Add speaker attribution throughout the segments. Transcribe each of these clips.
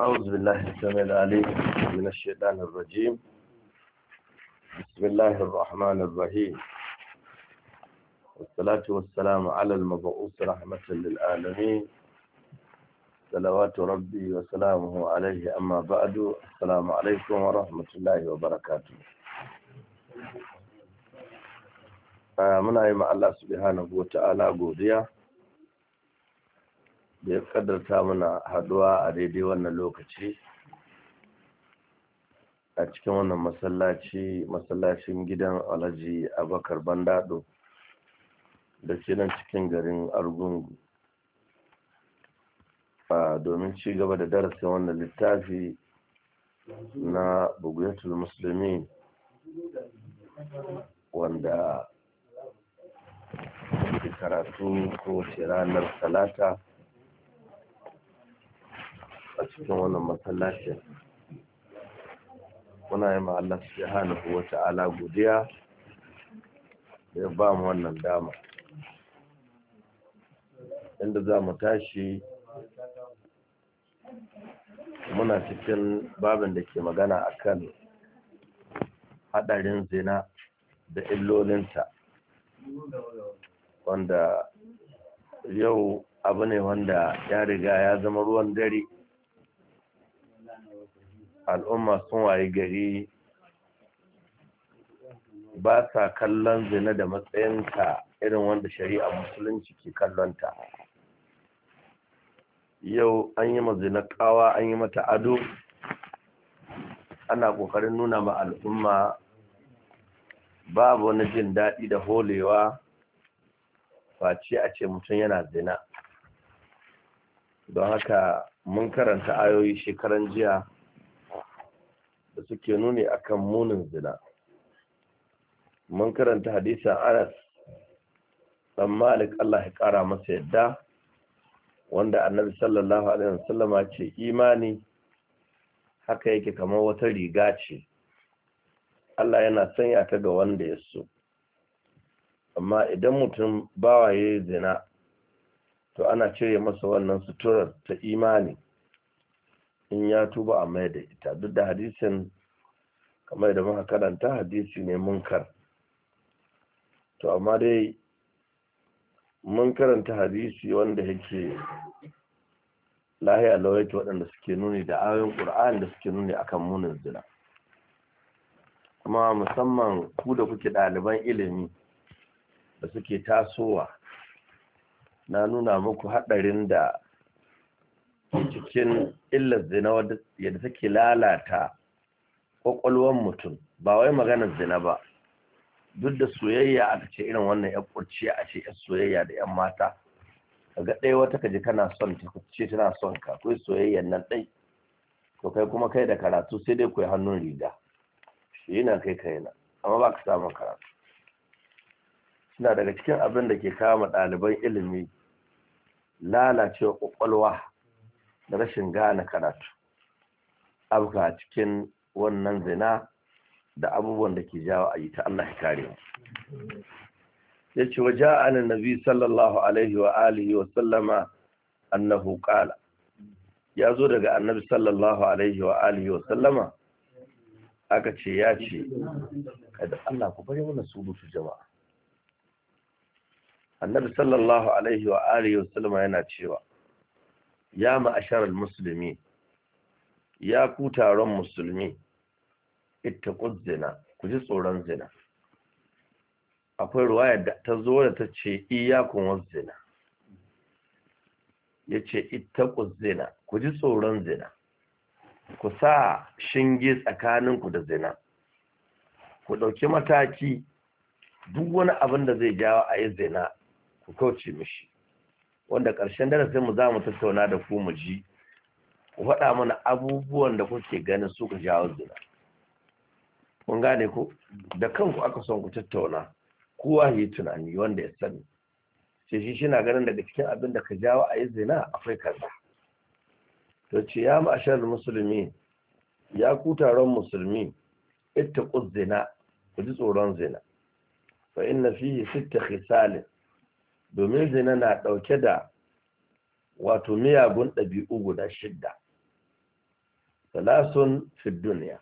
Speaker 1: أعوذ بالله السميع العليم من الشيطان الرجيم بسم الله الرحمن الرحيم والصلاة والسلام على المبعوث رحمة للعالمين صلوات ربي وسلامه عليه أما بعد السلام عليكم ورحمة الله وبركاته muna yi ma Allah subhanahu wa ta'ala godiya da ya kaddarta mana haduwa a daidai wannan lokaci a cikin wannan masallaci masallacin gidan alhaji abakar bandado da ke nan cikin garin argungu a domin ci gaba da darasin wannan littafi na bugiyatul musulmi wanda karatu kowace ranar talata a cikin wannan masallacin muna yi ma Allah subhanahu wa ta'ala godiya da ba mu wannan dama inda za mu tashi muna cikin babin da ke magana akan haɗarin zina da illolinta wanda yau abu ne wanda ya riga ya zama ruwan dare al'umma sun waye gari ba sa kallon zina da matsayinta irin wanda shari'a musulunci ke kallonta yau an yi mazina kawa an yi mata ado ana kokarin nuna ma al'umma babu wani jin daɗi da holewa face a ce mutum yana zina don haka mun karanta ayoyi shekaran jiya da suke nuni akan munin zina mun karanta hadisin anas dan malik Allah ya kara masa yadda wanda annabi sallallahu alaihi wasallama ce imani haka yake kamar wata riga ce Allah yana sanya ta ga wanda ya so amma idan mutum bawa ya zina to ana cire masa wannan suturar ta imani in ya tuba a mai da ita duk da hadisin kamar da muka karanta hadisi ne munkar to amma dai mun karanta hadisi wanda yake lahiya lawaita waɗanda suke nuni da ayoyin ƙur'ani da suke nuni akan munin zina kuma musamman ku da kuke ɗaliban ilimi da suke tasowa na nuna muku haɗarin da cikin illar zina yadda take lalata kwakwalwar mutum ba wai maganar zina ba duk da soyayya aka ce irin wannan ya kurciya a ce ya soyayya da yan mata kaga ɗaya wata ka kaji kana son ta ce tana son ka kai soyayyan nan ɗai to kai kuma kai da karatu sai dai kai hannun riga shi yana kai kai na amma ba ka samun karatu suna daga cikin abin da ke kama ɗaliban ilimi lalacewa kwakwalwa da rashin gane karatu ka cikin wannan zina da abubuwan da ke jawo a yi ta Allah ya kare mu ya ce wa ja'a nabi sallallahu alaihi wa alihi wa sallama annahu qala ya zo daga annabi sallallahu alaihi wa alihi wa sallama aka ce ya ce kada Allah ku bari mana su jama'a annabi sallallahu alaihi wa alihi wa sallama yana cewa ya ma'ashar al-muslimin ya ku taron musulmi ita zina ku ji tsoron zina akwai ruwaya da ta zo da ta ce iyakun wazzina ce ita zina ku ji tsoron zina ku sa shinge tsakaninku da zina ku ɗauki mataki duk wani abin da zai jawo a yi zina ku kauce mishi wanda ƙarshen darasinmu za mu tattauna da ku mu ji ku faɗa mana abubuwan da kuke ganin suka jawo zina kun gane ku da kanku aka son ku tattauna kowa yi tunani wanda ya sani ce shi shi na ganin daga cikin abin da ka jawo a yi zina akwai kaza to ce ya ma'ashar musulmi ya ku taron musulmi ita ku zina ku ji tsoron zina fa na fiye sitta khisalin domin zina na ɗauke da wato miyagun ɗabi'u guda shidda salasun fi duniya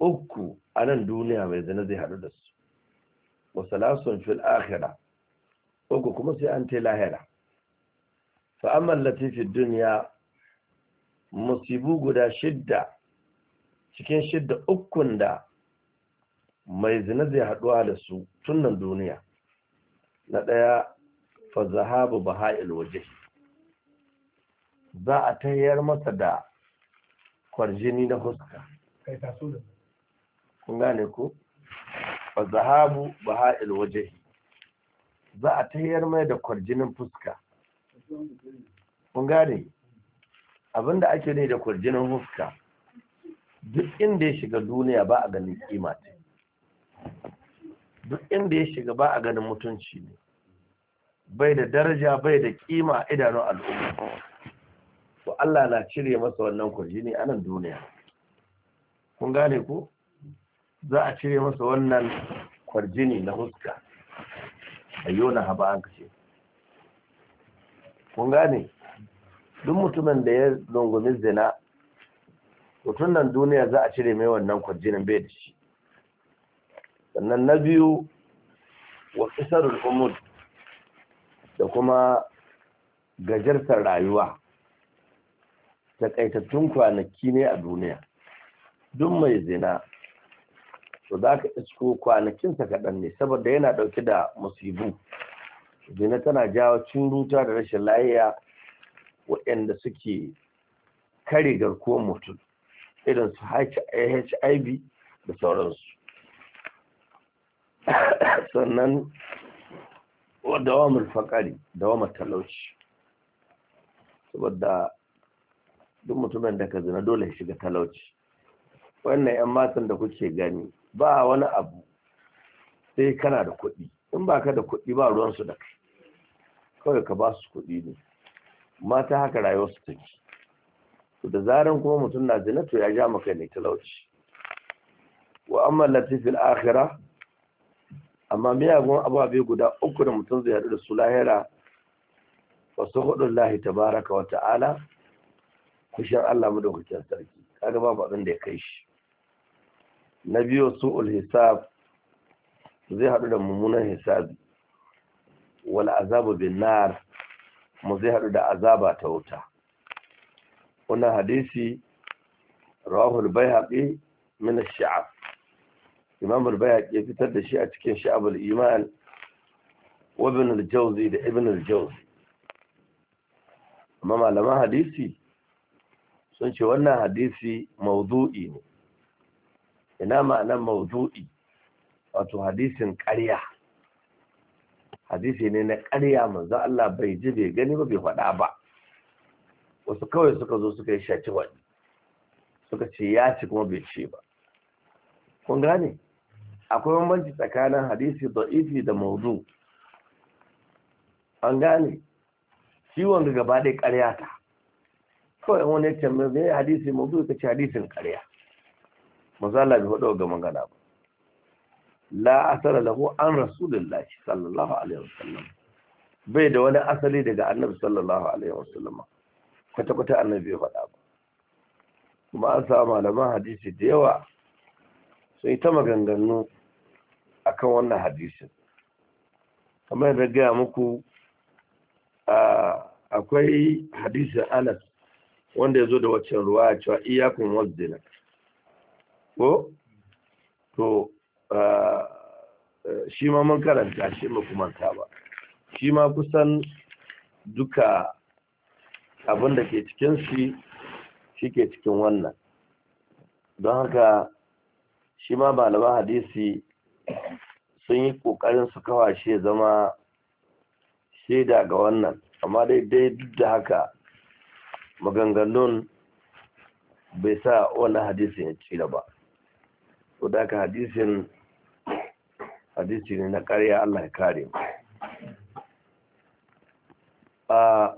Speaker 1: uku a nan duniya mai zina zai haɗu da su wa salasun fil akhira uku kuma sai an ta lahira fa latifi duniya musibu guda shidda cikin shidda ukun da mai zina zai haɗuwa da su tun nan duniya na ɗaya fa zahabu ha'il waje za a tayar masa da kwarjini na huska kun gane ko ba zahabu ba ha'il waje za a tayar mai da kwarjinin fuska kun gane abinda ake ne da kwarjinin huska duk inda ya shiga duniya ba a ganin kima ta duk inda ya shiga ba a ganin mutunci ne bai da daraja bai da kima idanun al'umma to Allah na cire masa wannan kurjini a nan duniya kun gane ku za a cire masa wannan kwarjini na huska ayyo na haba an kashe kun gane duk mutumin da ya dungumi zina mutum nan duniya za a cire mai wannan kwarjinin bai da shi sannan na biyu wa kisarul umud da kuma gajartar rayuwa takaitattun kwanaki ne a duniya duk mai zina to za ka isko kwanakinsa kaɗan ne saboda yana ɗauke da musibu zina tana jawo ruta da rashin layiya waɗanda suke kare garkuwar mutum irin su hiv da sauransu sannan dawamar fakari dawamar talauci saboda duk mutumin da ka zina dole shiga talauci wannan 'yan matan da kuke gani ba wani abu sai kana da kuɗi in ba ka da kuɗi ba ruwansu da kai kawai ka ba su kuɗi ne mata haka rayuwar su take to da zaran kuma mutum na zina to ya ja maka ne talauci wa amma latifil akhira amma miyagun ababe guda uku da mutum zai haɗu da su lahira wasu hudun lahi tabaraka wa ta'ala kushin Allah madaukakin sarki kaga babu abin da ya kai shi na biyu su'ul hisab zai haɗu da mummunan hisabi wal azabu bin nar mu zai haɗu da azaba ta wuta wannan hadisi rawahul bayhaqi min ash-sha'ab imam al-bayhaqi ya fitar da shi a cikin sha'abul iman wa ibn al-jawzi da ibn al-jawzi amma malaman hadisi sun ce wannan hadisi mawdu'i ne ina ma'anar mawdu'i wato hadisin ƙarya hadisi ne na ƙarya manzo Allah bai ji bai gani ba bai faɗa ba wasu kawai suka zo suka yi shaci wani suka ce ya ci kuma bai ce ba kun gane akwai bambanci tsakanin hadisi da'ifi da mawdu an gane ciwon ga gaba ɗaya ƙarya ta kawai wani ya tambaye zai hadisi mawdu ka ci hadisin karya. mazala bi hudu ga magana ba la asara lahu an rasulullahi sallallahu alaihi wasallam bai da wani asali daga annabi sallallahu alaihi wasallam kwata kwata annabi ya faɗa ba kuma an samu malaman hadisi da yawa sun yi ta maganganu akan wannan hadisin kamar da gaya muku akwai hadisin anas wanda ya zo da waccan ruwa a cewa iyakun wasdina ko to shi ma mun karanta shi ma kuma ta ba shi ma kusan duka abin da ke cikin shi shi ke cikin wannan don haka shi ma malaman hadisi sun yi ƙoƙarin su kawashe zama shaida ga wannan amma dai duk da haka maganganun bai sa wani hadisi ya cira ba to da ka hadisin hadisi ne na ƙarya Allah ya kare mu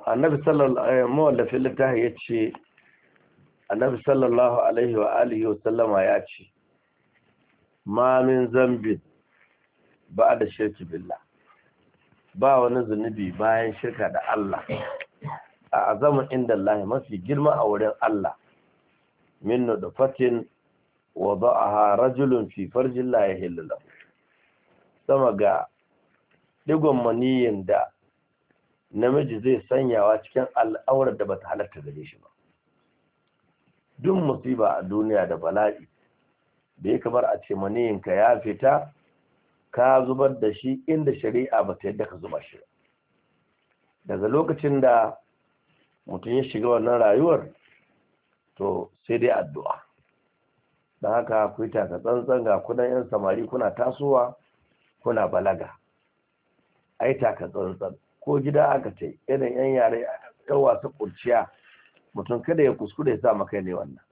Speaker 1: annabi sallallahu eh, alaihi littafi ya ce annabi sallallahu alaihi wa alihi wa sallama ya ce ma min zambin ba da shirki billah ba wani zunubi bayan shirka da Allah a azamun inda Allah mafi girma a wurin Allah min wa wada'aha rajulun fi farjin la sama ga digon maniyin da namiji zai sanyawa cikin al'aurar da bata halatta gare shi ba duk musiba a duniya da bala'i da ya kamar a ce maniyinka ya fita ka zubar da shi inda shari'a ba ta yadda ka zuba shi daga lokacin da mutum ya shiga wannan rayuwar to sai dai addu'a don haka ku yi taka tsantsan ga kudan 'yan samari kuna tasowa kuna balaga ai taka tsantsan ko gida aka ce irin 'yan yare yan wasa kurciya mutum kada ya kuskure ya sa kai ne wannan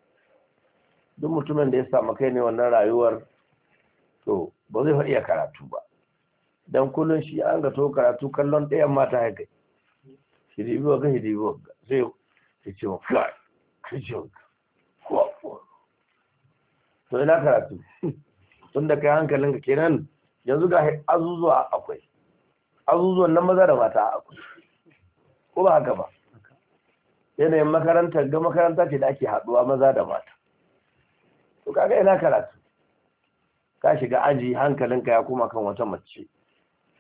Speaker 1: duk mutumin da ya sa kai ne wannan rayuwar to ba zai faɗi a karatu ba don kullum shi an ga to karatu kallon ɗayan mata haka shiribi ga shiribi ga zai ya ce wa kai kijin to ina karatu tun da kai hankalin ka kenan yanzu ga azuzuwa akwai azuzuwan na maza da mata akwai ko ba haka ba yanayin makaranta ga makaranta ce da ake haduwa maza da mata to kaga ina karatu ka shiga aji hankalin ka ya kuma kan wata mace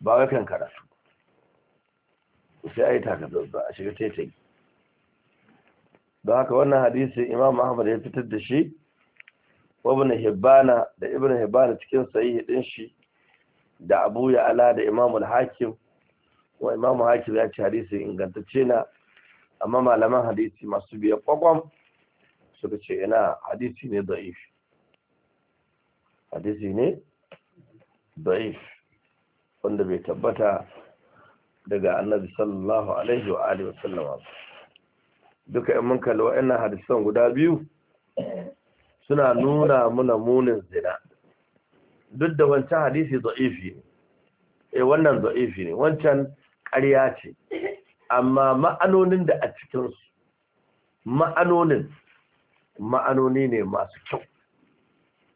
Speaker 1: ba wai kan karatu sai a yi ba a shiga taitai da haka wannan hadisi imam ahmad ya fitar da shi ibn hibbana da ibn hibbana cikin sahihi din shi da abu ya ala da imam hakim wa imam hakim ya ce hadisi ingantacce na amma malaman hadisi masu biya kwakwam suka ce ina hadisi ne da'if hadisi ne da'if wanda bai tabbata daga annabi sallallahu alaihi wa alihi wa sallama duka in mun kalli wa'annan hadisan guda biyu suna nuna muna munin zina duk da wancan hadisi za'ifi ne eh wannan za'ifi ne wancan karya ce amma ma'anonin da a cikinsu ma'anonin ma'anoni ne masu kyau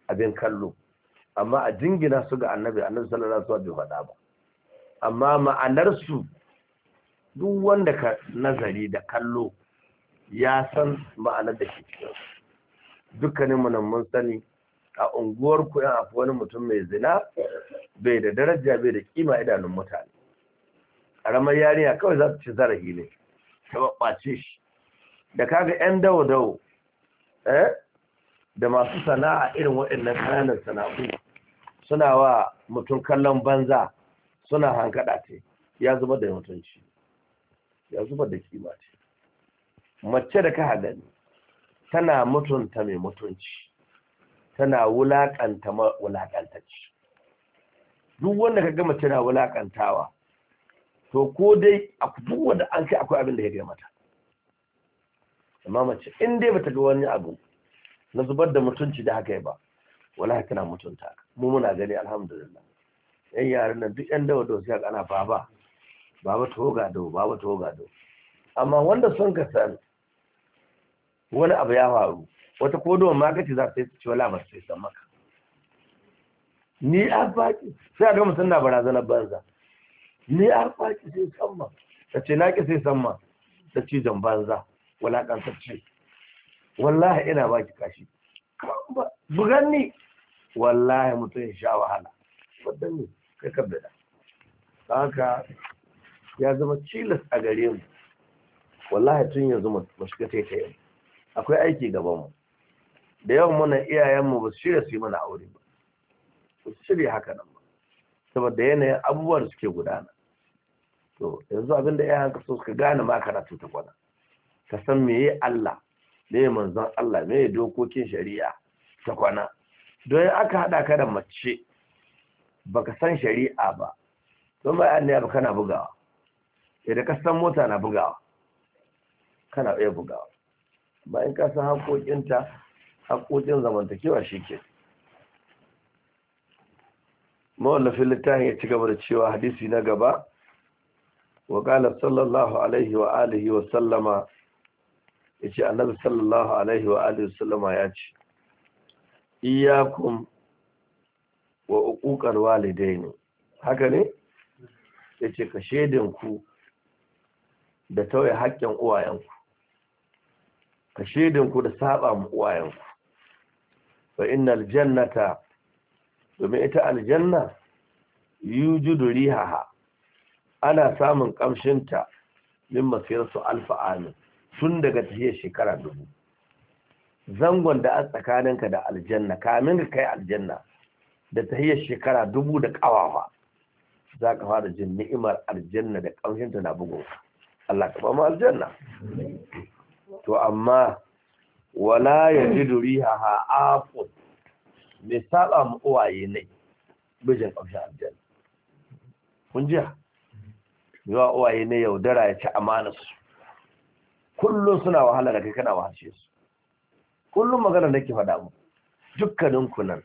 Speaker 1: abin kallo amma a jingina su ga annabi annabi sallallahu alaihi wasallam bai ba amma ma'anar su duk wanda ka nazari da kallo ya san ma'anar da ke cikin dukkanin mu mun sani a unguwar ku yan afi wani mutum mai zina bai da daraja bai da kima idanun mutane karamar yarinya kawai za su ci zarafi ne ta ɓace shi da kaga yan dawo dawo eh da masu sana'a irin waɗannan kananan sana'u suna wa mutum kallon banza suna hankada ce ya zuba da mutunci ya zuba da kima ce mace da ka ni tana mutunta mai mutunci tana wulakanta wulakantacci duk wanda ka gama mace na wulakantawa to ko dai duk wanda an kai akwai abin da ya mata amma mace in dai bata ga wani abu na zubar da mutunci da haka ba wallahi tana mutunta mu muna gani alhamdulillah yan yaran nan duk yan dawa da sai ana baba baba toga do baba toga do amma wanda son ka sani wani abu ya faru wata kodowar magaci za ta ce wala masu sai san maka ni a faƙi sai a gama suna barazanar banza ni a faƙi sai san ma ta ce na ki sai san ma ta ce jan banza wala ƙansar ce wallahi ina baki kashi bugan ni wallahi mutum ya sha wahala wadda ne kai ka bida haka ya zama cilas a gare mu wallahi tun yanzu mu shiga yi akwai aiki gabanmu da yawan muna iyayenmu ba su shirya su yi mana aure ba ba su shirya haka nan ba saboda yanayin abubuwa da suke gudana to yanzu abin da iyayen ka so suka gane ma karatu ta kwana ka san meye Allah Me ya manzon Allah Me ya dokokin shari'a ta kwana don aka haɗa ka da mace baka san shari'a ba don ba ne ba kana bugawa idan ka san mota na bugawa kana iya bugawa bayan ka san haƙoƙinta haƙoƙin zamantakewa shi ke mawallafin littafin ya ci gaba da cewa hadisi na gaba wa ƙalar sallallahu alaihi wa alihi wa sallama ya ce annabi sallallahu alaihi wa alihi wa sallama ya ce iyakun wa uƙuƙar walidai ne haka ne ya ce ka shaidinku da tauye haƙƙin uwayenku ka shaidinku da saba mu uwayenku fa innal jannata domin ita aljanna yujudu rihaha ana samun kamshinta min masirarsu alfa amin tun daga tahiyar shekara dubu zangon da a tsakaninka da aljanna kamin ka kai aljanna da tahiyar shekara dubu da kawawa za ka fara jin ni'imar aljanna da kamshinta na bugun Allah ka ba mu aljanna to amma wala ya ji duri ha ha mai saba mu uwaye ne bijin ƙamshi aljan kun jiya ya uwaye ne yaudara ya ci amana su kullum suna wahala da kai kana wahalshe su kullum magana nake ke faɗa mu dukkaninku nan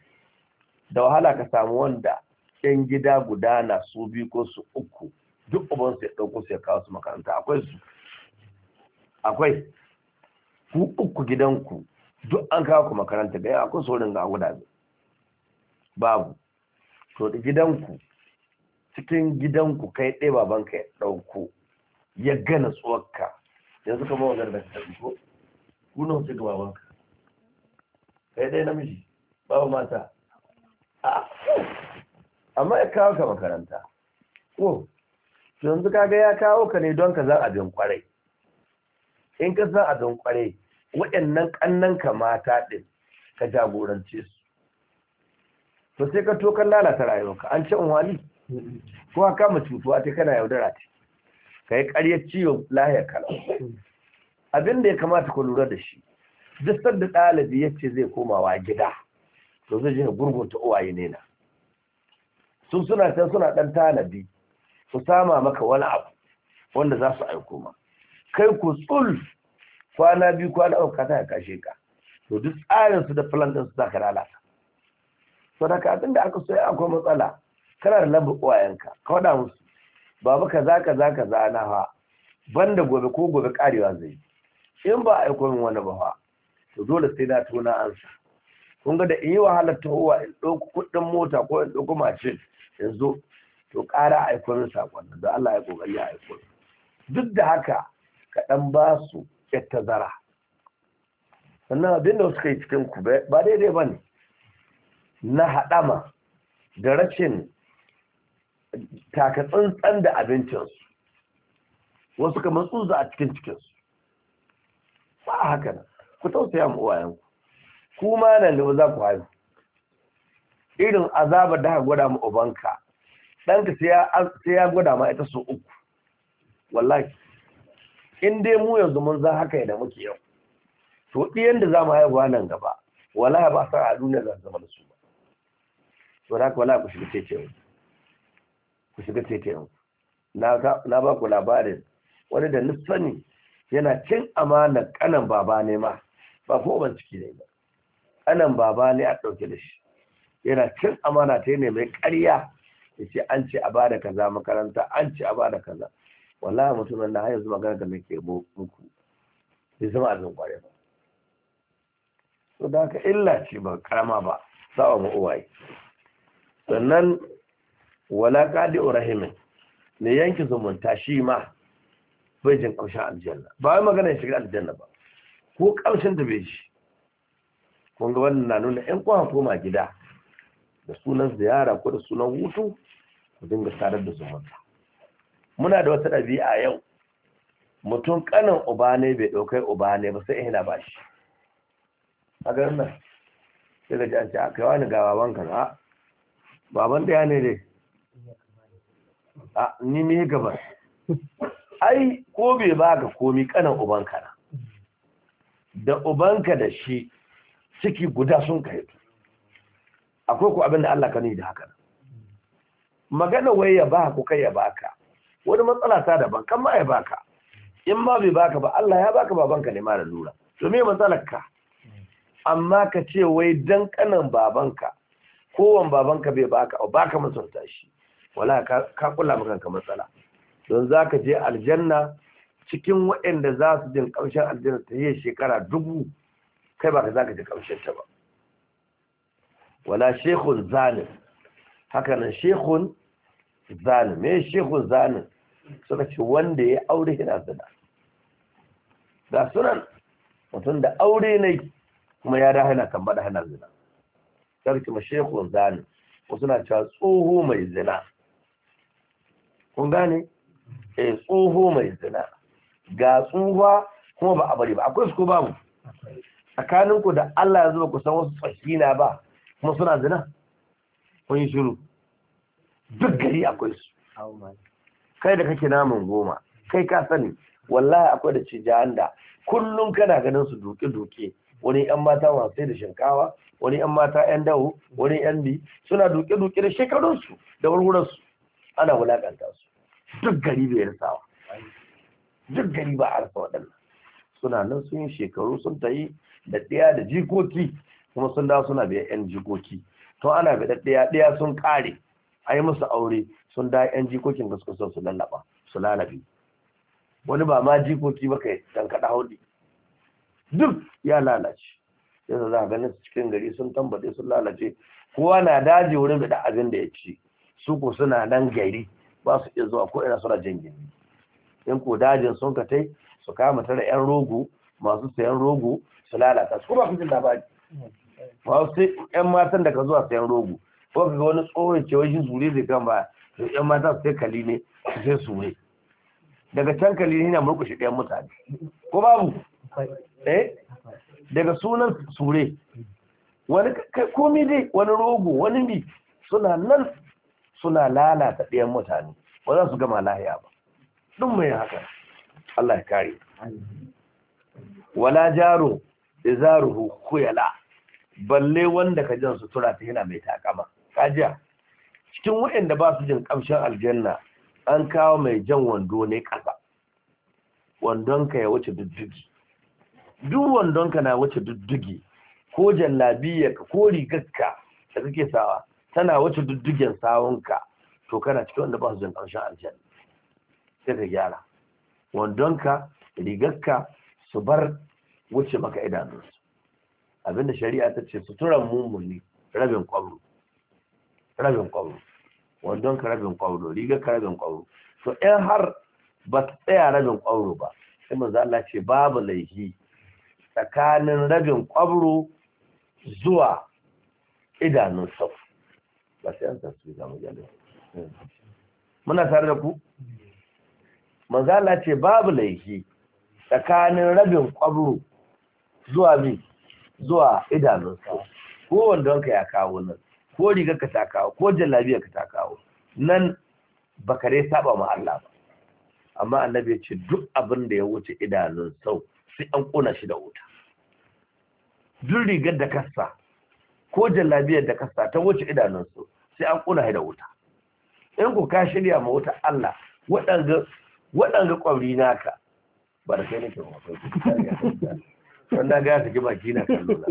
Speaker 1: da wahala ka samu wanda yan gida guda na su bi ko su uku duk uban ya ɗauko su ya kawo su makaranta akwai su akwai ku uku gidanku duk an kawo ku makaranta ga yawa saurin ga guda babu to da gidanku cikin gidanku kai ɗaya babanka ya ɗauko ya gana tsuwarka yanzu kama wajen da ta ko kuna wace ga babanka kai ɗaya namiji babu mata amma ya kawo ka makaranta ko oh, yanzu kaga ya kawo ka ne don ka zan abin kwarai in ka san abin kwarai waɗannan ƙannan ka mata ɗin ka jagorance su to sai ka to kan lalata rayuwarka an ce unwani ko ka kama cutuwa ta kana yaudara ce ka yi ƙaryar ciwo lahiyar kala abin da ya kamata ku lura da shi duk da ɗalibi ya ce zai komawa gida to zai je gurgunta uwaye ne na sun suna can suna ɗan tanadi, su sama maka wani abu wanda za su aiko ma kai ku tsul kwana biyu kwana uku kasa ya kashe ka to duk tsarin su da plan din su zaka lalata so da da aka soya akwai matsala kana da lambar uwayenka ka faɗa musu baba kaza kaza kaza na fa banda gobe ko gobe karewa zai yi. in ba a aiko min wani ba fa to dole sai na tona ansa kun ga da in yi wahalar tahowa in ɗauko kuɗin mota ko in ɗauko mashin yanzu to ƙara aiko min saƙon da Allah ya ƙoƙari ya aiko duk da haka kaɗan ba su zara. sannan abin da suka yi cikin ku ba daidai ba ne na haɗama da rashin takatsantsan da abincinsu wasu kamar tsunza a cikin cikinsu ba a haka nan ku tausaya mu uwayenku ku ma nan gaba za ku haihu irin azabar da ka gwada ma ubanka ɗanka sai ya gwada ma ita su uku wallahi in dai mu yanzu mun za haka da muke yau to ɗiyan da za mu haihuwa nan gaba wala ba sa a duniya za zama da su ba to da wala ku shiga yau ku shiga yau na ba ku labarin wani da nufani yana cin amana kanan baba ne ma ba ko ban ciki ne ba kanan baba ne a ɗauke da shi yana cin amana ta ne mai ƙarya ya ce an ce a bada kaza makaranta an ce a bada kaza wallahi mutumin da har yanzu magana da muke muku Ya zama abin kwarai ba so da haka illa ce ba karama ba sawa mu uwaye sannan wala qadi urahimin ne yanki zumunta shi ma bai jin kaushin aljanna ba wai magana ya shiga aljanna ba ko kaushin da bai shi kun ga wannan na nuna ƴan kwa koma gida da sunan ziyara ko da sunan hutu ku dinga sadar da zumunta muna da wata ɗabi'a yau mutum kanin uba ne bai ɗaukai uba ne ba sai ina ba shi a garin nan sai da jance a kai wani ga baban na. baban ɗaya ne dai a ni ne gaba ai ko bai ba ga komi kanin uban ka na. da Uban ka da shi ciki guda sun kai akwai ku abin da Allah ka ni da haka magana wai ya ba ku kai ya baka wani matsala ta daban kan ma ya baka in ma bai baka ba Allah ya baka babanka ne ma da lura to me matsalar ka amma ka ce wai dan kanan babanka kowan babanka bai baka ba baka masauta shi wala ka kula maka ka matsala don zaka je aljanna cikin waɗanda za su jin ƙarshen aljanna ta yi shekara dubu kai ba ka za ka ji ƙarshen ta ba wala shekun zalim hakanan shekun zalim me shekun zalim suka ce wanda ya aure yana zina ga sunan mutum da aure ne kuma ya da hana bada hana zina sarki ma shekun zani wasu na cewa tsoho mai zina kun gane eh tsoho mai zina ga tsuwa kuma ba a bari ba akwai su ko babu tsakaninku da Allah ya zuba kusan wasu tsakina ba kuma suna zina kun yi shiru duk gari akwai su kai da kake naman goma kai ka sani wallahi akwai da ci da kullum kana ganin su duke-duke wani yan mata masu da shinkawa wani yan mata yan dawo wani yan bi suna duke-duke da shekarunsu da su ana wulakanta su duk gari bai rasawa duk gari ba a rasa waɗannan suna nan sun yi shekaru sun tayi da ɗaya da jikoki kuma sun dawo suna biya yan jikoki to ana ga da ɗaya ɗaya sun ƙare a yi musu aure sun da yan jikokin da suka so su lallaba su lalabe wani ba ma jikoki ba kai dan kada hauɗi duk ya lalace yadda za a ganin cikin gari sun tambaye sun lalace kowa na daji wurin da abin da ya ci su ko suna nan gari ba su iya zuwa ko ina suna jan gari in ko dajin sun ka tai su kama tara yan rogo masu sayan rogo su lalata su kuma su jin labari masu yan matan da ka zuwa sayan rogo ko ka ga wani tsohon cewa shi zure zai kan ba su yan mata su sai kali su sai sure daga can kali ne na murkushe ɗayan mutane ko babu eh daga sunan sure wani komi dai wani rogo wani bi suna nan suna lalata ɗayan mutane ba za su gama lahiya ba duk mai haka Allah ya kare wala jaro izaruhu kuyala balle wanda ka jan sutura ta yana mai takama kajiya cikin waɗanda ba su jin ƙamshin aljanna an kawo mai jan wando ne ƙasa wandonka ya wuce duddugi duk wandonka na wuce duddugi ko jallabiyarka ko rigarka da kake sawa tana wuce duddugen sawunka to kana cikin wanda ba su jin ƙamshin aljanna sai ka gyara wandonka rigarka su bar wuce maka idanunsu abinda shari'a ta ce suturan mummuni rabin kwamru rabin kwaro wandon ka rabin kwaro riga ka rabin kwaro so in har ba ta tsaya rabin kwaro ba sai manzo Allah ce babu laifi tsakanin rabin kwaro zuwa idanun safu ba sai an tasu ga mujallin muna tare da ku manzo Allah ce babu laifi tsakanin rabin kwaro zuwa mi zuwa idanun safu ko wandon ya kawo nan ko rigar ka ta kawo ko jallabiya ka ta kawo nan bakare dai saba ma Allah ba amma annabi ya ce duk abin da ya wuce idanun sau sai an kona shi da wuta duk rigar da kasa ko jallabiyar da kasa ta wuce idanun sau sai an kona shi da wuta in ku ka shirya ma wuta Allah waɗanga waɗanga ƙwari naka ba da kai nake ba wanda ga ya saki baki na kallo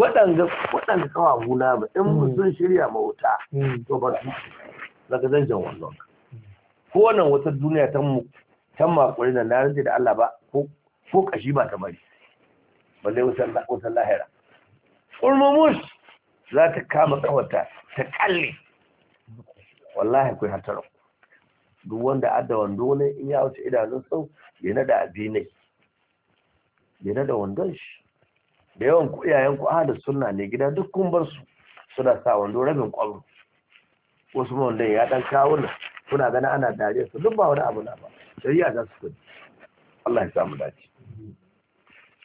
Speaker 1: waɗanda waɗanda kawa guna ba in sun shirya ma wuta hmm. to ba su daga zanjan wannan ko wannan wata duniya ta mu ta makuri na na da Allah ba ko ko kashi ba ta bari balle wutar wutar lahira ulmumus za ta kama kawata ta kalle wallahi kai hatara duk wanda adda wando ne in ya wuce idanun sau yana da abi yana da wandon shi da yawan ku iyayen ku ahada sunna ne gida duk kun bar su suna sa wando rabin kwallo wasu mawallai ya dan kawo na kuna gana ana dare su duk ba wani abu na ba shari'a za su kudi Allah ya samu dace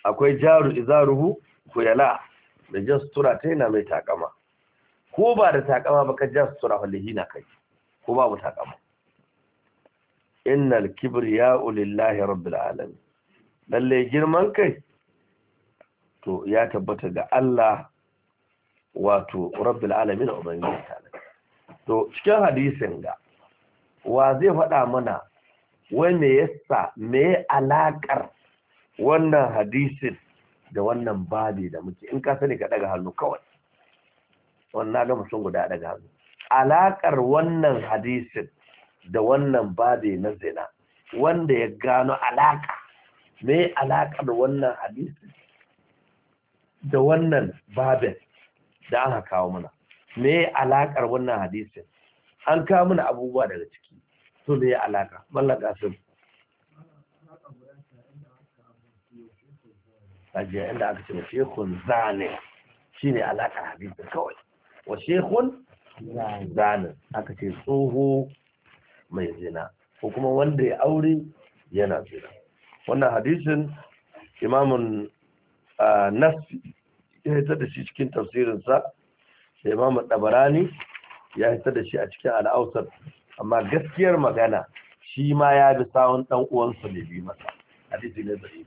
Speaker 1: akwai jaru izaruhu yala da jastura ta yana mai takama ko ba da takama ba ka jastura walihina kai ko babu takama innal ya ulillahi rabbil alamin lalle girman kai to ya tabbata ga Allah wato rabbil alamin ubangiji to cikin hadisin ga wa zai faɗa mana wai me yasa me alakar wannan hadisin da wannan babi da muke in ka sani ka daga hannu kawai wannan ga mutum guda daga hannu alakar wannan hadisin da wannan babi na zina wanda ya gano alaka me alakar wannan hadisin da wannan babin da aka kawo mana me alakar wannan hadisin an kawo mana abubuwa daga ciki to me alaka mallaka sun ajiya inda aka ce zane shine ne alaƙa hadisin kawai wa shekun zane aka ce tsoho mai zina ko kuma wanda ya aure yana zina wannan hadisin imamun ah, nasi ya hitar da shi cikin tafsirinsa sai mamu dabarani ya hitar da shi a cikin al'ausar amma gaskiyar magana shi ma ya bi sawun dan uwansa ne bi masa hadisi ne zai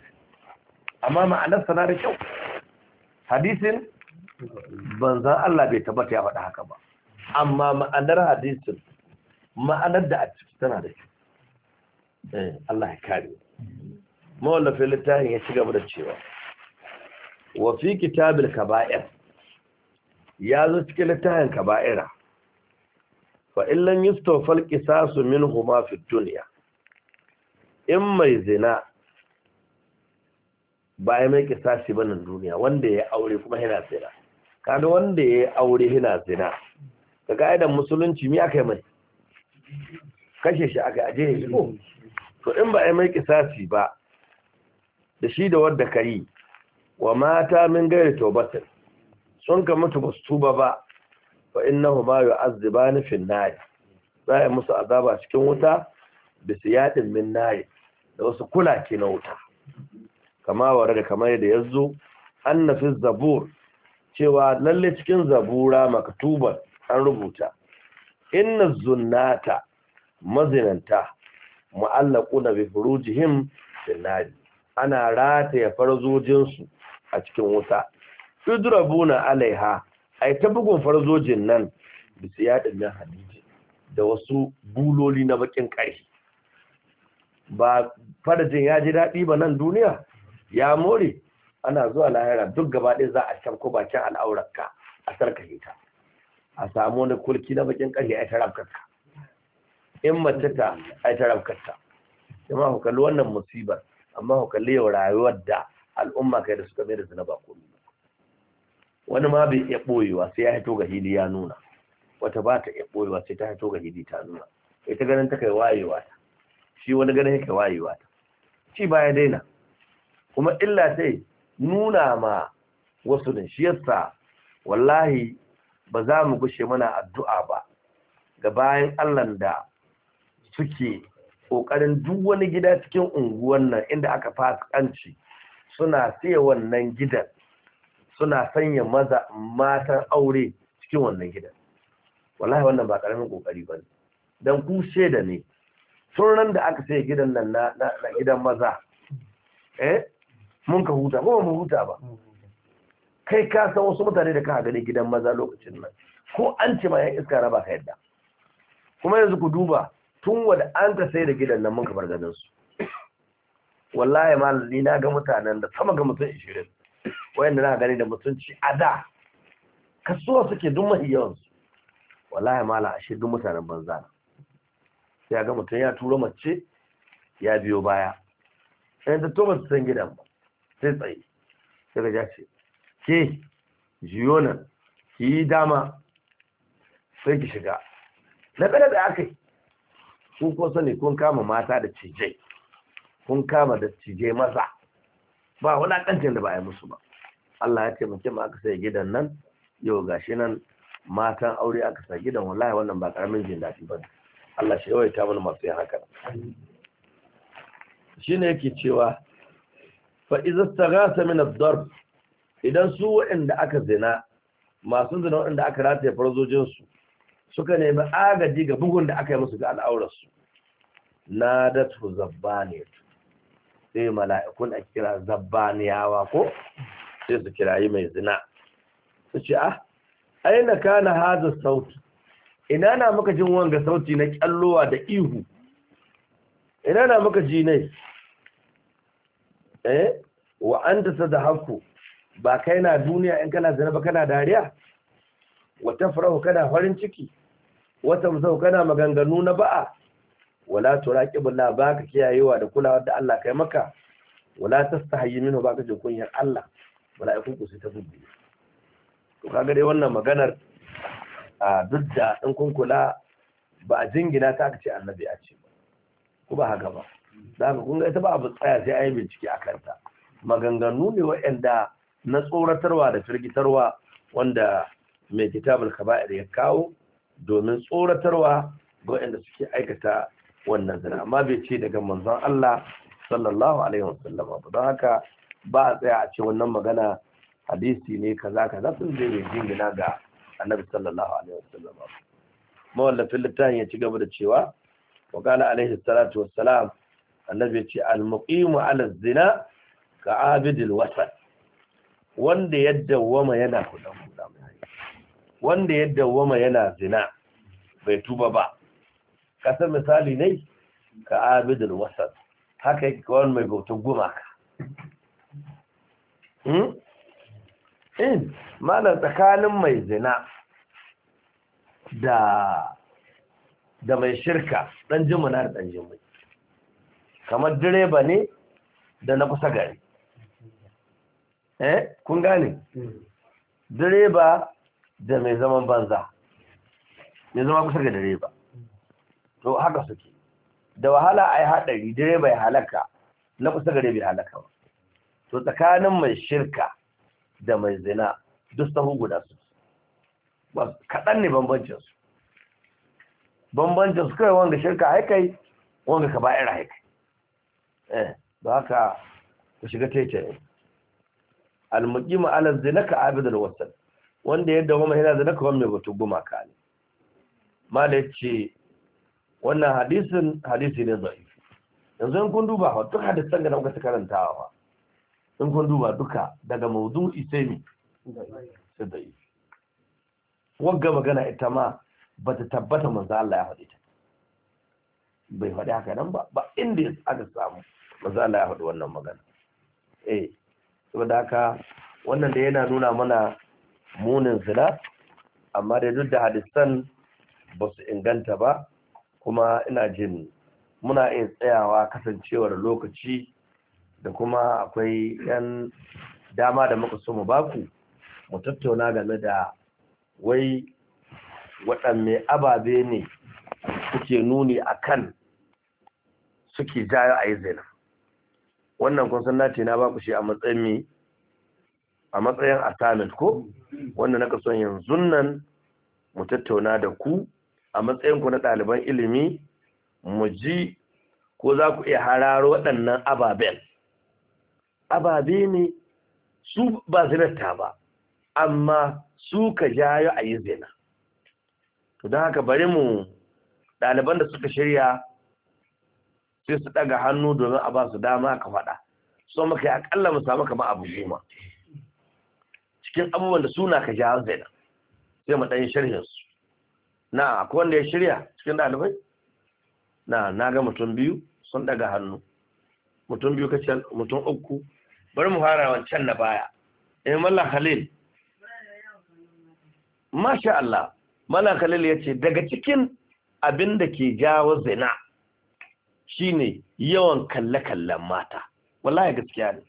Speaker 1: amma ma'anarsa na da kyau hadisin banzan Allah bai tabbata ya faɗa haka ba amma ma'anar hadisin ma'anar da a ciki tana da kyau eh, Allah ya kare mawallafin littafin ya ci gaba da cewa wa fi kitabil kaba'ir ya zo cikin littafin kaba'ira fa illan yustawfal qisasu minhuma fi dunya in mai zina ba ya mai kisasi ba nan duniya wanda ya aure kuma yana zina kada wanda ya aure yana zina ga ka'idan musulunci mi aka yi mai kashe shi aka aje shi to in ba ya mai kisasi ba da shi da wanda ka yi wa mata min gairi taubatin sun ka mutu ba su tuba ba fa hu ma yu'azzibani fi an za a musu azaba cikin wuta bi siyadin min nari da wasu kulake na wuta kama rada kamar yadda yazo anna fi zabur cewa lalle cikin zabura maktuban an rubuta inna zunnata mazinanta mu'allaquna bi furujihim fi an ana rataya su. a cikin wuta buna alaiha ai ta bugun farzojin nan bisa yadin nan hadiji da wasu buloli na bakin ƙarfi ba farajin ya ji daɗi ba nan duniya ya more ana zuwa lahira duk gaba ɗaya za a shanko bakin al'aurarka a sarkace ta a samu wani kulki na bakin ƙarfi a tarafkarka in mace ta a tarafkarta jama'a ku wannan musibar amma ku yau rayuwar da al'umma kai da suka mai da zina ba komai ba wani ma bai iya boyewa sai ya hito ga hili ya nuna wata ba ta iya boyewa sai ta hito ga hili ta nuna ita ganin ta kai wayewa ta shi wani ganin yake wayewa ta ci baya daina kuma illa sai nuna ma wasu ne, shi yasa wallahi ba za mu gushe mana addu'a ba ga bayan Allah da suke ƙoƙarin duk wani gida cikin unguwan nan inda aka fasikanci suna siya wannan gidan suna sanya maza matan aure cikin wannan gidan wallahi wannan ba karamin kokari ba ne don ku shaida ne sunan da aka sai gidan nan na gidan maza eh mun ka huta ko mu huta ba kai ka san wasu mutane da ka gani gidan maza lokacin nan ko an ce ma ya iska na ba ka yadda kuma yanzu ku duba tun wanda an ka sai da gidan nan mun ka bar ganin su wallahi ni na ga mutanen da sama ga mutum 20 wayanda na gani da mutunci a da kasuwa suke duk su wallahi la ashe duk mutanen banza na sai ga mutum ya tura mace ya biyo baya sai da to su san gidan ba sai tsaye sai ga jace ke jiyo nan ki yi dama sai ki shiga na kada da aka yi kun kuma sani kun kama mata da cijai kun kama da cije masa. ba wani akancin da ba a yi musu ba Allah ya ce ma aka sai gidan nan yau gashi nan matan aure aka sai gidan wallahi wannan ba karamin jin daɗi ba Allah shi yawaita mana masu yin haka shine yake cewa fa iza staghasa min ad-darb idan su waɗanda aka zina masu zina waɗanda aka rataye su suka nemi agaji ga bugun da aka yi musu ga al'aurarsu na da tu sai mala'ikun a kira zabbaniyawa ko sai su kirayi mai zina su ce ah aina kana haza sauti ina na muka jin wanga sauti na kyallowa da ihu ina na muka ji ne eh wa an da haku ba kai na duniya in kana zina ba kana dariya Wata farahu kana farin ciki wata musau kana maganganu na ba'a wala turaqibullah baka kiyayewa da kulawa da Allah kai maka wala tastahi minhu baka jin kunyar Allah ai ku sai ta bubbe to kaga dai wannan maganar a dudda in kun kula ba a jingina ta aka ce annabi a ce ku ba haka ba za ka kun ga ita ba abu tsaya sai ayi bincike a kanta maganganu ne wa'anda na tsoratarwa da firgitarwa wanda mai kitabul kaba'ir ya kawo domin tsoratarwa ga waɗanda suke aikata wannan zina amma bai ce daga manzon Allah sallallahu alaihi wasallam ba don haka ba a tsaya a ce wannan magana hadisi ne kaza kaza sun je bai jingina ga annabi sallallahu alaihi wasallam ba mawallafin littafin ya ci gaba da cewa wa qala alaihi salatu wassalam annabi ya ce al-muqimu ala zina ka abidil wasat wanda ya dawwama yana kudan kudan wanda ya dawwama yana zina bai tuba ba kasar misali ne ka abidul wasan haka yake kawai mai bautar gumaka hmm? in mana tsakanin mai zina da da mai shirka ɗan jimina da ɗan jimai kamar direba ne da na kusa gari eh kun gane direba da mai zaman banza mai zama kusa ga direba to haka suke da wahala a yi haɗari direba ya halaka na kusa gare bai halaka ba to tsakanin mai shirka da mai zina duk sahu guda su kaɗan ne su. bambancin su kai wanda shirka haikai wanda ka ba'ira haikai eh ba haka ka shiga tece ne almuqima ala zinaka abidul wasal wanda yadda wama yana zinaka wanda batu guma ka ne mala wannan hadisin hadisi ne za'ifi yanzu in kun duba duk hadisan da kuka karantawa in kun duba duka daga mawdu'i isemi mi sai za'ifi wagga magana ita ma bata tabbata manzo Allah ya faɗi ta bai faɗi haka nan ba ba inda aka samu manzo Allah ya faɗi wannan magana eh saboda haka wannan da yana nuna mana munin zina amma da duk da hadisan ba su inganta ba kuma ina jin muna iya tsayawa kasancewar lokaci da kuma akwai 'yan dama da muka so mu baku mu tattauna game da wai waɗanne ababe ne suke nuni a kan suke jayo a yi zina wannan kunsan nace na baku shi a matsayin mi a matsayin assignment ko wanda na kaso yanzu nan mu tattauna da ku a matsayinku na ɗaliban ilimi mu ji ko za ku iya hararo waɗannan ababen ababe ne su ba zinarta ba amma su ka jayo a yi zina to don haka bari mu ɗaliban da suka shirya sai su ɗaga hannu domin a ba su dama ka faɗa so maka yi aƙalla mu samu kama abu goma cikin abubuwan da suna ka jawo zina sai mu yi sharhinsu na akwai wanda ya shirya cikin ɗalibai na na ga mutum biyu sun daga hannu mutum biyu kace mutum uku bari mu fara wancan na baya eh mallan khalil masha Allah mallan khalil yace daga cikin abin da ke jawo zina shine yawan kalle-kallen mata wallahi gaskiya ne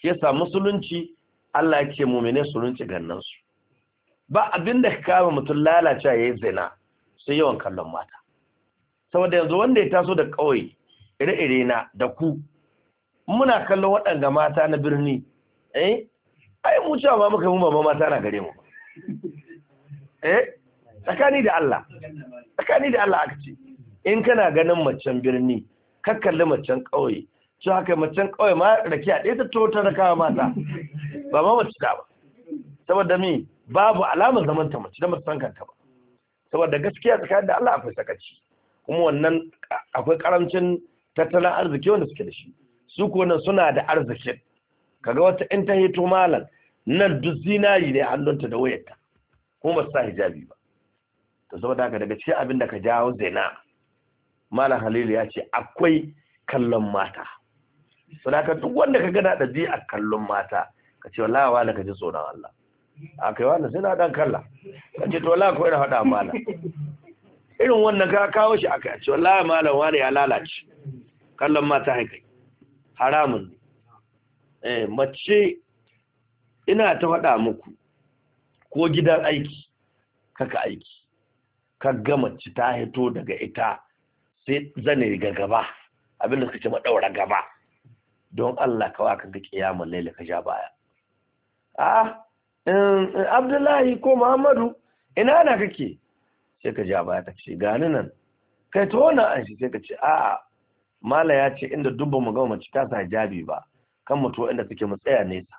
Speaker 1: shi yasa musulunci Allah yake mu'mine su runci gannansu ba abin da kama mutum lalacewa ya yi zina sai yawan kallon mata saboda yanzu wanda ya taso da ƙauye ire-ire na da ku muna kallon waɗanda mata na birni eh ai mu cewa ma muka mu ba mata na gare mu eh tsakani da Allah tsakani da Allah aka ce in kana ganin macen birni ka kalli macen ƙauye to haka macen ƙauye ma rakiya ɗaya ta to ta rakawa mata ba ma mace ta ba saboda mi babu alamar zaman ta mace da mace san kanta ba saboda gaskiya tsakanin da Allah akwai sakaci kuma wannan akwai karancin tattalin arziki wanda suke da shi su ko nan suna da arziki kaga wata in ta hito malam nan duk zinari ne hannunta da wayarta kuma ba sa hijabi ba to saboda haka daga cikin abin da ka jawo zina malam halilu ya ce akwai kallon mata saboda duk wanda ka gana da a kallon mata ka ce wallahi wala ka ji tsoron Allah a kai wannan sai na dan kalla kace to wallahi ko ina faɗa amana irin wannan ka kawo shi aka ce wallahi malam wani ya lalace kallon mata haikai haramun ne eh mace ina ta faɗa muku ko gidan aiki kaka aiki ka ga mace ta hito daga ita sai zane ga gaba abin da suka ce madaura gaba don Allah ka ga kiyama laila ka ja baya a ah, abdullahi ko muhammadu ina na kake sai ka ja baya ta ce gani nan kai ta wani an shi sai ka ce a'a mala ya ce inda dubban mu gama mace ta sa jabi ba kan mutu inda suke mu tsaya nesa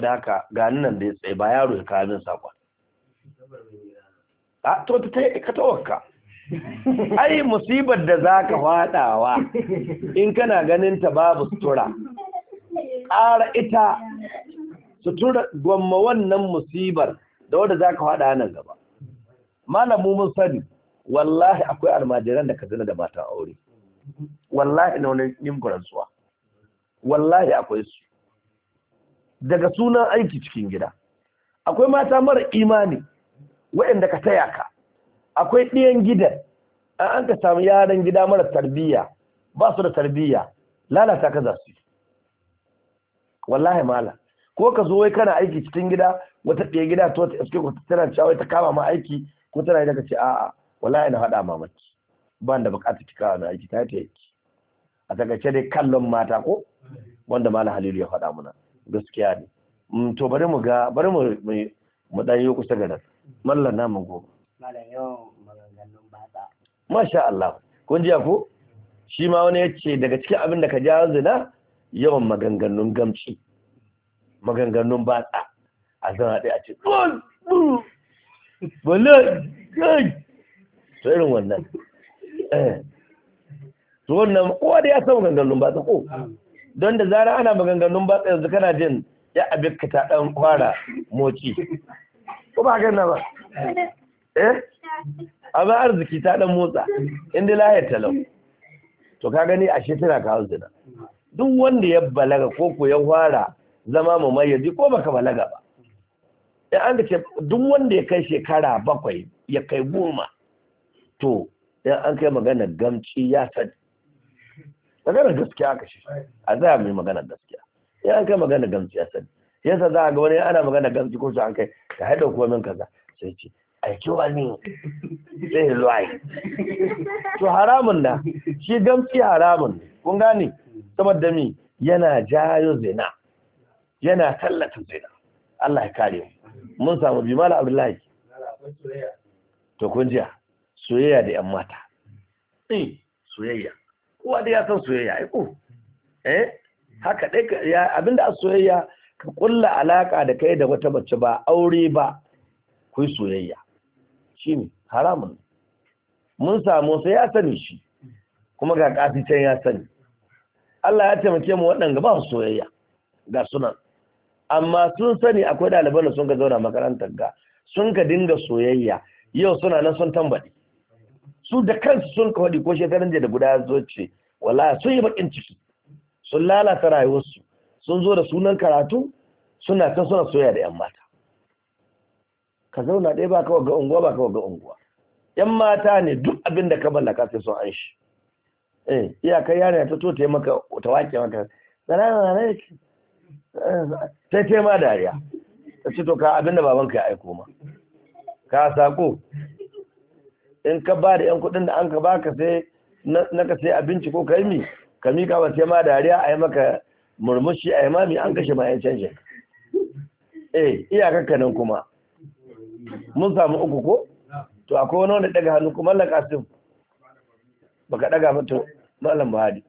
Speaker 1: da haka gani nan da ya tsaye ba yaro ya kawo min sakon a to ta ta ka wakka. ai musibar da za ka fadawa in kana ganin ta babu sutura ƙara ita tura gwamma wannan musibar da wanda za ka faɗa nan gaba malamu mun sani wallahi akwai almajiran da ka zina da matan aure wallahi na wani nimburan suwa wallahi akwai su daga sunan aiki cikin gida akwai mata mara imani waɗanda ka taya ka akwai ɗiyan gidan an an ka samu yaran gida mara tarbiyya ba su da tarbiyya lalata ka za su yi wallahi malam. ko ka zo wai kana aiki cikin gida wata ɗaya gida ta wata iske ko tana cewa ta kama ma aiki ko tana daga ce a'a wallahi na haɗa mamaki ba da buƙatar ki kawo aiki ta ta yaki a takaice dai kallon mata ko wanda malam halilu ya faɗa muna gaskiya ne mm, to bari mu ga bari mu mu dan yi kusa ga nan mallan namu go malam yau maganganun batsa masha Allah kun ji ko shi ma wani yace daga cikin abin da ka ja zina yawan maganganun gamci maganganun batsa a zan ɗaya a ce wala kai to irin wannan eh. to wannan kowa da ya san maganganun batsa ko don da zara ana maganganun batsa yanzu kana jin ya abin ka ta ɗan fara moci ko ba ganna ba eh abin arziki ta ɗan motsa inda lahiyar talau to ka gani ashe tana kawo zina duk wanda ya balaga ko ko ya fara zama mumayyazi ko baka balaga ba in an ce duk wanda ya kai shekara bakwai ya kai goma to in an kai magana gamci ya sani maganar gaskiya aka shi a zaya mai maganar gaskiya in an kai magana gamci ya sani yasa za a ga wani ana magana gamci ko su an kai ka haɗa kuwa min kaza sai ce aiki wani zai luwai to haramun na shi gamci haramun kun gane saboda mi yana jayo zina yana tallata zina Allah ya kare mun samu bi mala abdullahi to kun jiya soyayya da yan mata eh soyayya kowa da ya san soyayya ai ko eh haka dai abinda a soyayya ka kulla alaka da kai da wata mace ba aure ba ku soyayya shine haramun mun samu sai ya sani shi kuma ga kafi can ya sani Allah ya taimake mu waɗanda ba soyayya ga sunan amma sun sani akwai ɗaliban da sun ka zauna makarantar ga sun ka dinga soyayya yau suna nan sun tambaɗi su da kansu sun ka waɗi ko shekarun jiya da guda zo ce wala sun yi bakin ciki sun lalata rayuwarsu sun zo da sunan karatu suna ta suna soya da 'yan mata ka zauna ɗaya ba kawai ga unguwa ba kawai ga unguwa 'yan mata ne duk abin da ka mallaka sai sun an shi eh iyakar yarinya ta to ta yi maka ta wake maka zara zara yake sai ce ma dariya ta ce to ka abinda babanka ya aiko ma ka sako in ka ba da yan kudin da an ka baka sai na ka sai abinci ko kai mi ka mika ba sai ma dariya a yi maka murmushi a yi mami an kashe ma yan canje eh iyakar ka nan kuma mun samu uku ko to akwai wani wanda daga hannu kuma Allah Kasim baka daga mata malam Buhari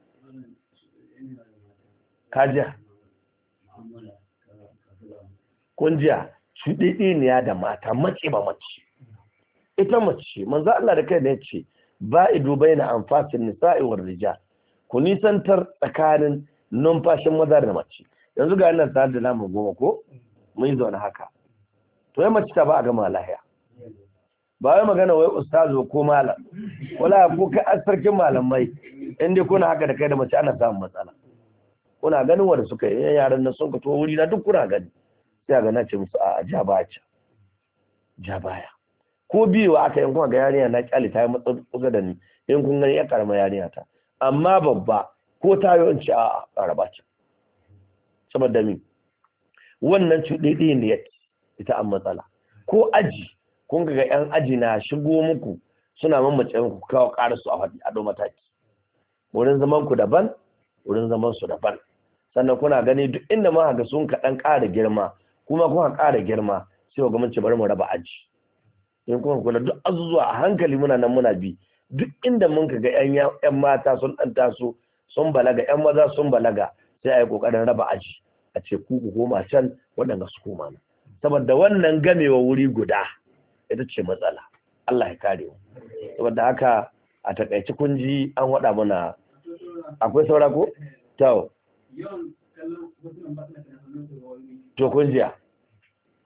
Speaker 1: kajiya kunjiya ya da mata mace ba mace ita mace manzo Allah da kai ne ce ba'idu baina anfasin nisa'i war rijal ku nisantar tsakanin numfashin maza da mace yanzu ga nan sa da namu goma ko mun yi zaune haka to ya mace ta ba a gama lahiya ba wai magana wai ustazo ko malam wala ko kai sarkin malamai inda kuna haka da kai da mace ana samun matsala kuna ganin wanda suka yi yaran na sun ka to wuri na duk kuna gani sai ga na ce musu a ja baya ja baya ko biyu aka yin kuma ga yarinya na kyale ta yi matsa da ni in kun gani ya karama yarinya ta amma babba ko ta yi wanci a araba ce saboda min wannan cuɗiɗi ne ya ita an matsala ko aji kun ga yan aji na shigo muku suna mamace ku kawo karasu a faɗi a mataki wurin zaman daban wurin zaman su daban sannan kuna gani duk inda ma ga sun kaɗan ƙara girma kuma kuma ƙara girma sai ga mun ce bari mu raba aji in kuma kula duk azuzuwa a hankali muna nan muna bi duk inda mun ka ga yan mata sun dan taso sun balaga yan maza sun balaga sai a yi kokarin raba aji a ce ku ku koma can waɗanda su koma nan saboda wannan gamewa wuri guda ita ce matsala Allah ya kare mu saboda haka a takaici kun ji an waɗa mana akwai saura ko to kun jiya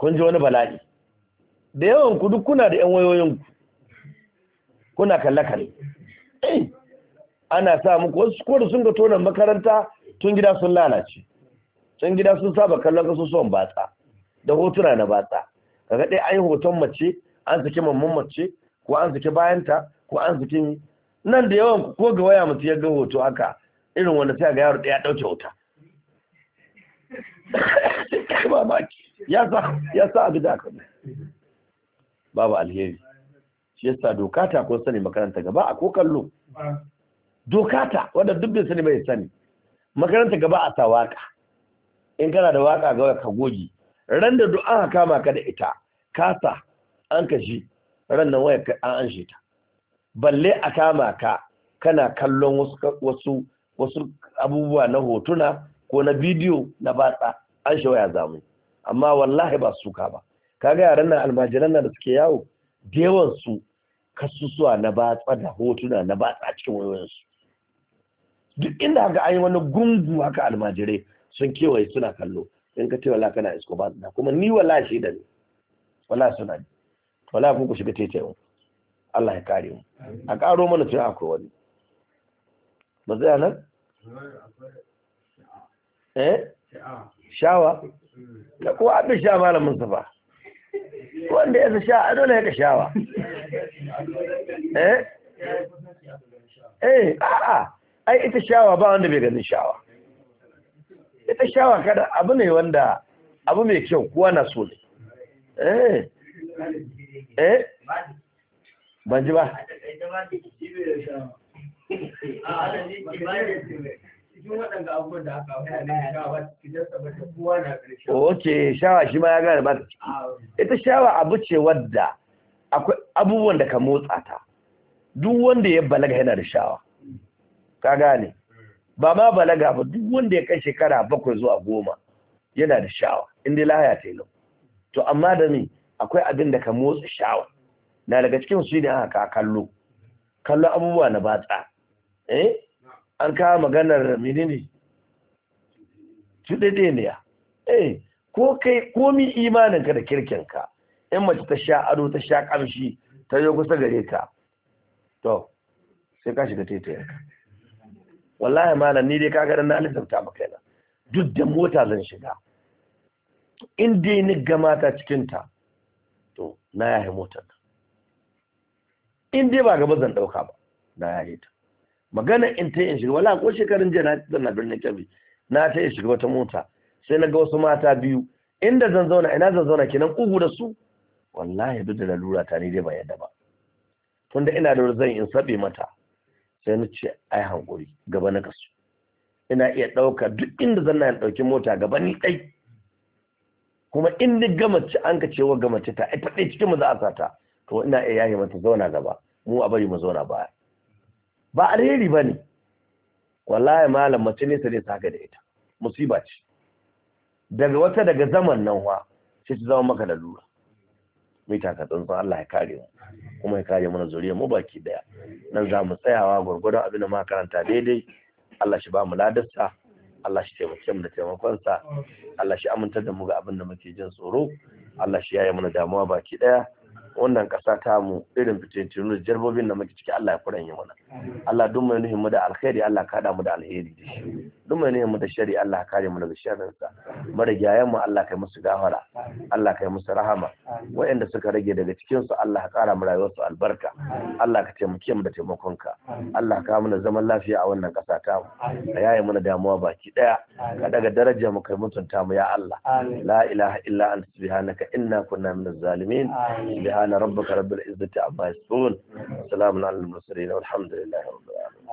Speaker 1: kun ji wani bala'i da yawan ku duk kuna da 'yan wayoyin kuna kalle-kalle ana sa muku wasu ko da sun ga tona makaranta tun gida sun lalace tun gida sun saba kallon son batsa da hotuna na batsa kaga dai an yi hoton mace an saki mamman mace ko an saki bayanta ko an saki nan da yawan ko ga waya mutu ya ga hoto haka irin wanda sai ga yaro ɗaya ɗauke wuta mamaki ya sa ya sa da aka babu alheri shi yasa doka ta ko sani makaranta gaba a ko kallo doka ta wanda duk bai sani bai sani makaranta gaba a sa waka in kana da waka ga ka goge. ran da duk an kama ka da ita kasa an kashi ran nan waya an anshe ta balle a kama ka kana kallon wasu wasu wasu abubuwa na hotuna ko na bidiyo na batsa an shi waya zamani amma wallahi ba suka ba kaga yaran nan almajiran nan da suke yawo dewan su kasusuwa na batsa da hotuna na batsa cikin wayoyin su duk inda haka an yi wani gungu haka almajirai sun kewaye suna kallo in ka ce wala kana isko ba da kuma ni wala shi da ni wala suna ni wala kun ku shiga mu Allah ya kare mu a karo mana cewa akwai wani ba zai nan eh shawa da kuwa abin sha malam sa wanda ya sha a dole ya ka sha ba eh eh a'a ai ita shawa ba wanda bai ganin shawa ita shawa kada abu ne wanda abu mai kyau kuwa na so ne eh eh ban ji ba ok shawa shi ma ya gane ba ta ah, ita shawa abu ce wadda akwai abubuwan da ka motsa ta duk wanda ya balaga yana da shawa ka gane hmm. ba ma balaga ba duk wanda ya kai shekara bakwai zuwa goma yana da shawa inda lahaya ta yi to amma da ni akwai abin da ka motsa shawa na daga cikin su ne aka kallo Kallo abubuwa na batsa eh an kawo maganar menene ya. eh ko kai komi imaninka da kirkinka in mace ta sha ado ta sha ƙamshi ta yi kusa gare ka to sai ka shiga taitayenka wallahi malam ni dai ka ga na lissafta maka yana duk da mota zan shiga in dai ni ga mata cikin ta to na yahe motar in dai ba gaba zan dauka ba na yahe ta magana in ta yin shiga wala ko shekarun jiya na zanna birnin kebbi na ta yin shiga wata mota sai na ga wasu mata biyu inda zan zauna ina zan zauna kenan ugu da su wallahi duk da lalura ta ni dai ba yadda ba tunda ina da zan in sabe mata sai na ce ai hankuri gaba na kasu ina iya ɗauka duk inda zan na ɗauki mota gaba ni ɗai kuma in ni ci an ka cewa ci ta ai faɗe cikin mu za a sata to ina iya yaye mata zauna gaba mu a bari mu zauna baya ba alheri ba ne ya malam mace nesa ne haka da ita musiba ce daga wata daga zaman nan wa sai ta zama maka da lura mai taka tsantsan Allah ya kare mu kuma ya kare mana zuriyar mu baki daya nan za mu tsayawa gwargwadon abin da makaranta karanta daidai Allah shi ba mu ladarsa Allah shi taimake mu da taimakonsa Allah shi amintar da mu ga abin da muke jin tsoro Allah shi yi mana damuwa baki daya wannan ƙasa ta mu irin fitintinu da jarbobin da muke ciki Allah ya yi mana Allah duk mai nuhin mu da alkhairi Allah ka da mu da alheri da shi duk mai nuhin mu da shari Allah ka kare mu daga sharrin sa marigayen mu Allah kai musu gafara Allah kai musu rahama waɗanda suka rage daga cikin su Allah ka kara mu rayuwar albarka Allah ka taimake mu da taimakon ka Allah ka mana zaman lafiya a wannan ƙasa ta mu ka yaye mana damuwa baki ɗaya. ka daga darajar mu kai mutunta mu ya Allah la ilaha illa anta subhanaka inna kunna minaz zalimin سبحان ربك رب العزة عما يصفون سلام على المرسلين والحمد لله رب العالمين